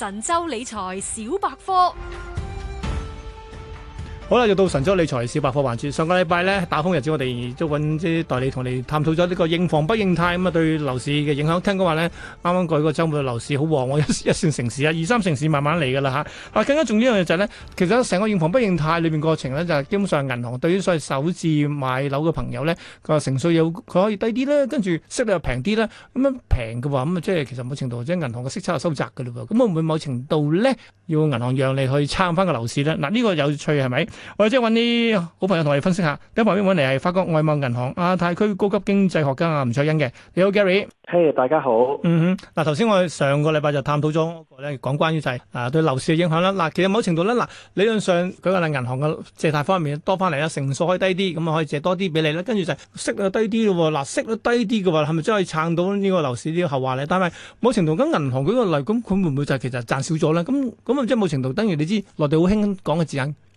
神州理財小百科。好啦，又到神州理財小百科環節。上個禮拜咧，打風日子，我哋都揾代理同你探討咗呢個認房不認貸咁啊，對樓市嘅影響。聽講話咧，啱啱過去個周末樓市好旺喎，一線城市啊，二三城市慢慢嚟噶啦吓，啊，更加重要一樣嘢就係咧，其實成個認房不認貸裏面過程咧，就係、是、基本上銀行對於所謂首次買樓嘅朋友咧，個成數有佢可以低啲啦，跟住息率又平啲啦。咁樣平嘅話，咁啊即係其實某程度即係銀行嘅息差收窄嘅嘞噃。咁會唔會某程度咧，要銀行讓你去撐翻個樓市咧？嗱，呢個有趣係咪？是我哋即係揾啲好朋友同我哋分析下。第一旁邊揾嚟係法國外貿銀行亞太區高級經濟學家啊，吳卓欣嘅。你好，Gary。係、hey,，大家好。嗯哼，嗱，頭先我哋上個禮拜就探討咗一個咧，講關於就係啊對樓市嘅影響啦。嗱，其實某程度咧，嗱，理論上舉個例，銀行嘅借貸方面多翻嚟啦，成數可以低啲，咁啊可以借多啲俾你啦。跟住就息率低啲咯。嗱，息率低啲嘅話，係咪真係撐到個樓呢個樓市呢個後話咧？但係某程度咁，銀行舉個例，咁佢會唔會就其實賺少咗咧？咁咁啊，即係某程度等於你知內地好興講嘅字眼。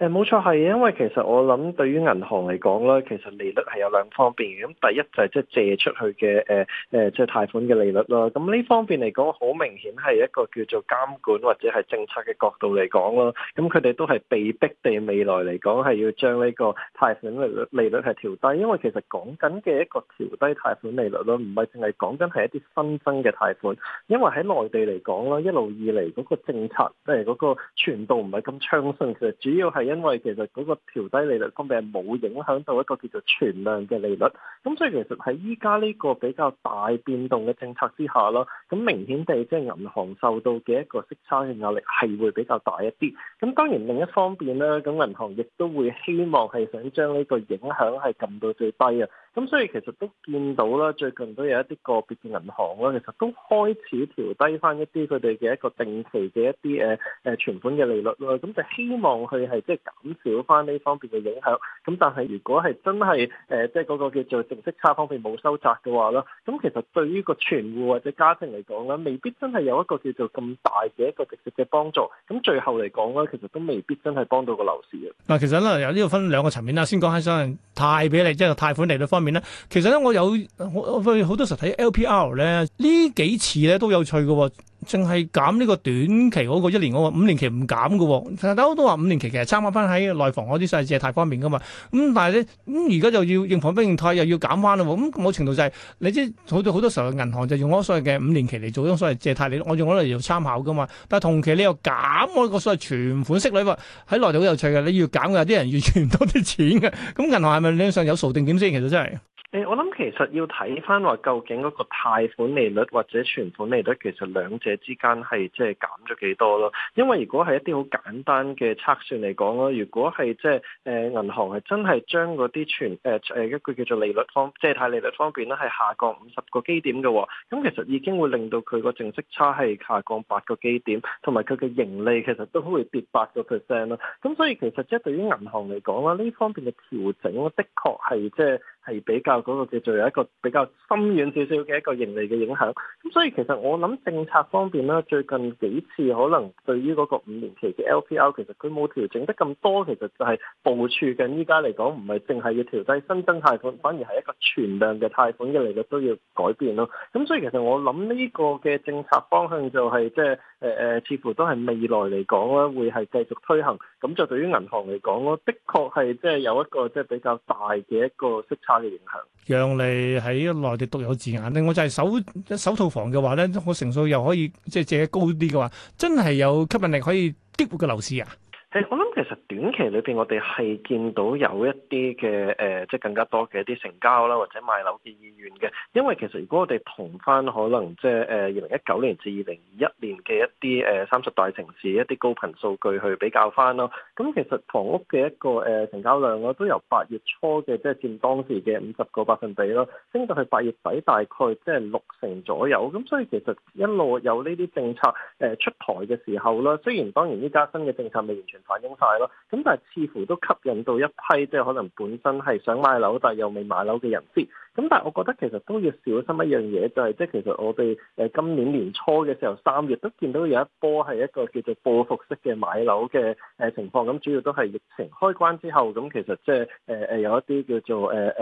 誒冇錯係，因為其實我諗對於銀行嚟講咧，其實利率係有兩方面嘅。咁第一就係即係借出去嘅誒誒，即係貸款嘅利率啦。咁呢方面嚟講，好明顯係一個叫做監管或者係政策嘅角度嚟講咯。咁佢哋都係被逼地未來嚟講係要將呢個貸款利率利率係調低，因為其實講緊嘅一個調低貸款利率咯，唔係淨係講緊係一啲新增嘅貸款。因為喺內地嚟講咧，一路以嚟嗰個政策誒嗰個傳導唔係咁暢順，其實主要係。因為其實嗰個調低利率方面係冇影響到一個叫做存量嘅利率，咁所以其實喺依家呢個比較大變動嘅政策之下咯，咁明顯地即係銀行受到嘅一個息差嘅壓力係會比較大一啲，咁當然另一方面啦，咁銀行亦都會希望係想將呢個影響係撳到最低啊。咁所以其實都見到啦，最近都有一啲個別嘅銀行啦，其實都開始調低翻一啲佢哋嘅一個定期嘅一啲誒誒存款嘅利率咯，咁就希望佢係即係減少翻呢方面嘅影響。咁但係如果係真係誒即係嗰個叫做淨息差方面冇收窄嘅話啦，咁其實對於個存戶或者家庭嚟講咧，未必真係有一個叫做咁大嘅一個直接嘅幫助。咁最後嚟講咧，其實都未必真係幫到個樓市嘅。嗱，其實咧由呢度分兩個層面啦，先講喺上貸俾利，即係貸款利率方面。面咧，其實咧，我有我我好多時睇 LPR 咧，呢幾次咧都有趣嘅。淨係減呢個短期嗰個一年嗰、那個五年期唔減嘅喎。哦，大家都話五年期其實參考翻喺內房嗰啲所謂借貸方面嘅嘛。咁、嗯、但係咧，咁而家就要認房不認貸又要減翻啦、哦。咁、嗯、某程度就係、是、你知好多好多時候銀行就用嗰所謂嘅五年期嚟做咗所謂借貸嚟，我用嗰嚟做參考嘅嘛。但係同期你又減嗰個所謂存款息率喺內地好有趣嘅，你要減有啲人要存多啲錢嘅。咁、嗯、銀行係咪理論上有數定點先？其實真係。誒，我諗其實要睇翻話究竟嗰個貸款利率或者存款利率，其實兩者之間係即係減咗幾多咯？因為如果係一啲好簡單嘅測算嚟講啦，如果係即係誒銀行係真係將嗰啲存誒誒一個叫做利率方即係貸利率方面咧係下降五十個基點嘅，咁其實已經會令到佢個淨息差係下降八個基點，同埋佢嘅盈利其實都可能會跌八個 percent 啦。咁所以其實即係對於銀行嚟講啦，呢方面嘅調整，的確係即係。係比較嗰個叫做有一個比較深遠少少嘅一個盈利嘅影響。咁所以其實我諗政策方面啦，最近幾次可能對於嗰個五年期嘅 LPR 其實佢冇調整得咁多，其實就係部署緊依家嚟講，唔係淨係要調低新增貸款，反而係一個存量嘅貸款嘅利率都要改變咯。咁所以其實我諗呢個嘅政策方向就係即係。就係誒誒，似乎都係未來嚟講咧，會係繼續推行。咁就對於銀行嚟講咧，的確係即係有一個即係比較大嘅一個息差嘅影響。讓利喺內地獨有字眼咧，我就係首首套房嘅話咧，個成數又可以即係借高啲嘅話，真係有吸引力可以激活個樓市啊！係我諗。短期裏邊，我哋係見到有一啲嘅誒，即係更加多嘅一啲成交啦，或者買樓嘅意願嘅。因為其實如果我哋同翻可能即係誒二零一九年至二零二一年嘅一啲誒三十大城市一啲高頻數據去比較翻咯，咁其實房屋嘅一個誒、呃、成交量咯，都由八月初嘅即係佔當時嘅五十個百分比咯，升到去八月底大概即係六成左右。咁所以其實一路有呢啲政策誒、呃、出台嘅時候啦，雖然當然呢家新嘅政策未完全反映晒。咁但係似乎都吸引到一批即係可能本身係想買樓但係又未買樓嘅人士。咁但係我覺得其實都要小心一樣嘢，就係即係其實我哋誒今年年初嘅時候三月都見到有一波係一個叫做報復式嘅買樓嘅誒情況。咁主要都係疫情開關之後，咁其實即係誒誒有一啲叫做誒誒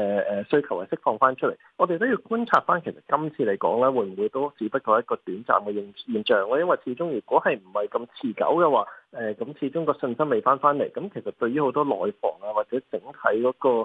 誒需求係釋放翻出嚟。我哋都要觀察翻，其實今次嚟講咧，會唔會都只不過係一個短暫嘅現現象？因為始終如果係唔係咁持久嘅話，誒，咁始終個信心未翻翻嚟，咁其實對於好多內房啊，或者整體嗰個誒，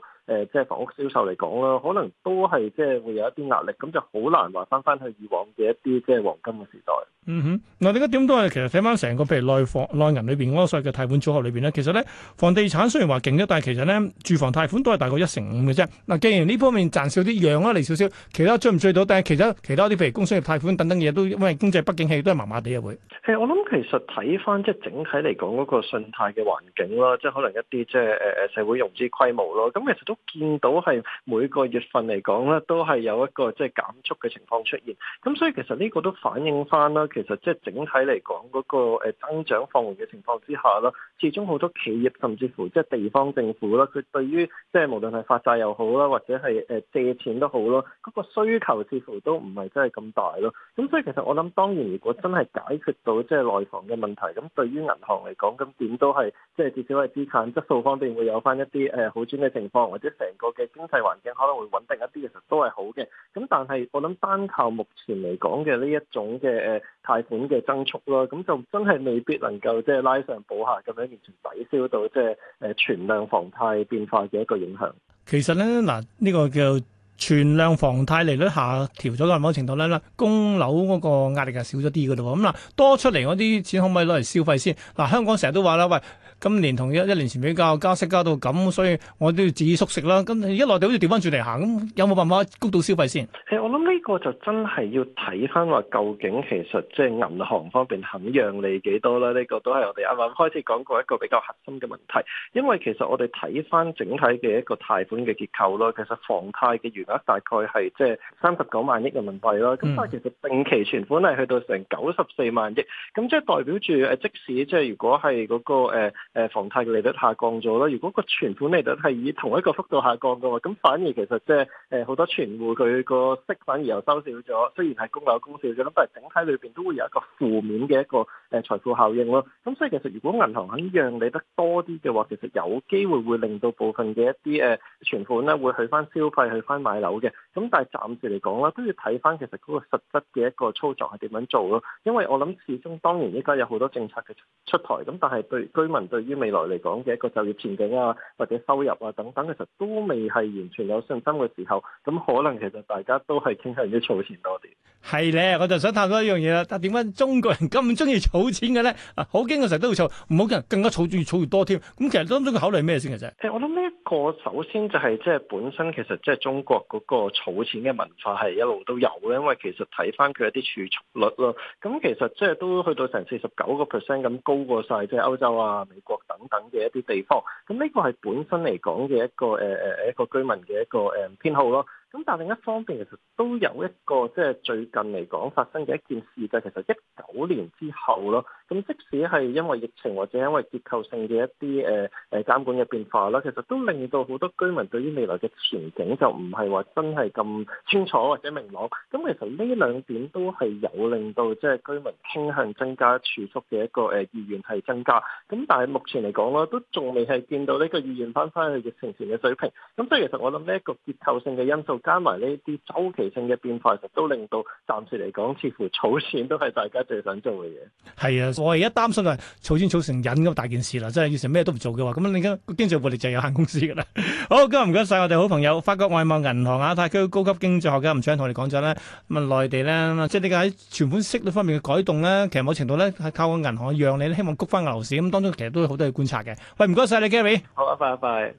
即係房屋銷售嚟講啦，可能都係即係會有一啲壓力，咁就好難話翻翻去以往嘅一啲即係黃金嘅時代。嗯哼，嗱，你而家點都係？其實睇翻成個譬如內房、內銀裏邊嗰個所謂嘅貸款組合裏邊咧，其實咧，房地產雖然話勁咗，但係其實咧，住房貸款都係大概一成五嘅啫。嗱，既然呢方面賺少啲，讓一嚟少少，其他追唔追到？但係其他其他啲譬如工商業貸款等等嘢都，因為經濟不景氣都係麻麻地啊會。誒，我諗其實睇翻即係整。睇嚟講嗰個信貸嘅環境啦，即係可能一啲即係誒誒社會融資規模咯，咁其實都見到係每個月份嚟講咧，都係有一個即係減速嘅情況出現。咁所以其實呢個都反映翻啦，其實即係整體嚟講嗰個誒增長放緩嘅情況之下啦，始終好多企業甚至乎即係地方政府啦，佢對於即係無論係發債又好啦，或者係誒借錢都好咯，嗰個需求似乎都唔係真係咁大咯。咁所以其實我諗，當然如果真係解決到即係內房嘅問題，咁對於銀行嚟講，咁點都係，即係至少係資產質素方面會有翻一啲好轉嘅情況，或者成個嘅經濟環境可能會穩定一啲，其實都係好嘅。咁但係我諗單靠目前嚟講嘅呢一種嘅誒貸款嘅增速啦，咁就真係未必能夠即係拉上補下咁樣完全抵消到即係誒存量房貸變化嘅一個影響。其實咧嗱，呢個叫。存量房貸利率下調咗嘅某程度咧，嗱供樓嗰個壓力就少咗啲嘅咯。咁嗱，多出嚟嗰啲錢可唔可以攞嚟消費先？嗱，香港成日都話啦，喂。今年同一一年前比較，加息加到咁，所以我都要自己縮食啦。咁一內地好似調翻轉嚟行，咁有冇辦法谷到消費先？我諗呢個就真係要睇翻話，究竟其實即係銀行方面肯讓利幾多啦？呢、呢個都係我哋啱啱開始講過一個比較核心嘅問題。因為其實我哋睇翻整體嘅一個貸款嘅結構啦，其實房貸嘅餘額大概係即係三十九萬億人民幣啦。咁、嗯、但係其實定期存款係去到成九十四萬億，咁即係代表住即使即係如果係嗰、嗰個、呃誒房貸利率下降咗啦，如果個存款利率係以同一個幅度下降嘅話，咁反而其實即係誒好多存戶佢個息反而又收少咗，雖然係供樓供少咗，咁但係整體裏面都會有一個負面嘅一個。誒財富效應咯，咁所以其實如果銀行肯讓利得多啲嘅話，其實有機會會令到部分嘅一啲誒存款咧會去翻消費，去翻買樓嘅。咁但係暫時嚟講咧，都要睇翻其實嗰個實質嘅一個操作係點樣做咯。因為我諗始終當然，依家有好多政策嘅出台，咁但係對居民對於未來嚟講嘅一個就業前景啊，或者收入啊等等，其實都未係完全有信心嘅時候，咁可能其實大家都係傾向於儲錢多啲。係咧，我就想探多一樣嘢啦，但點解中國人咁中意儲？儲錢嘅咧啊，好驚嘅成日都會儲，唔好嘅人更加儲住越儲越多添。咁其實當中佢考慮咩先其實？誒，我諗呢一個首先就係即係本身其實即係中國嗰個儲錢嘅文化係一路都有咧，因為其實睇翻佢一啲儲蓄率咯。咁其實即係都去到成四十九個 percent 咁高過晒，即係歐洲啊、美國等等嘅一啲地方。咁呢個係本身嚟講嘅一個誒誒誒一個居民嘅一個誒偏好咯。咁但係另一方面，其實都有一個即係最近嚟講發生嘅一件事就係其實一九年之後咯，咁即使係因為疫情或者因為結構性嘅一啲誒誒監管嘅變化啦，其實都令到好多居民對於未來嘅前景就唔係話真係咁清楚或者明朗。咁其實呢兩點都係有令到即係居民傾向增加儲蓄嘅一個誒意願係增加。咁但係目前嚟講咧，都仲未係見到呢個意願翻返去疫情前嘅水平。咁所以其實我諗呢一個結構性嘅因素。加埋呢啲週期性嘅變化，實都令到暫時嚟講，似乎儲錢都係大家最想做嘅嘢。係啊，我而家擔心就係儲錢儲成癮咁大件事啦，真係變成咩都唔做嘅話，咁你而家經濟活力就係有限公司㗎啦。好，今日唔該曬我哋好朋友法國外貿銀行啊，亞太區高級經濟學家吳卓殷同我哋講咗咧，咁啊內地咧，即係呢個喺存款息率方面嘅改動咧，其實某程度咧係靠個銀行讓你咧，希望谷翻個樓市咁，當中其實都好多嘢觀察嘅。喂，唔該曬你 Gary，好啊，拜拜。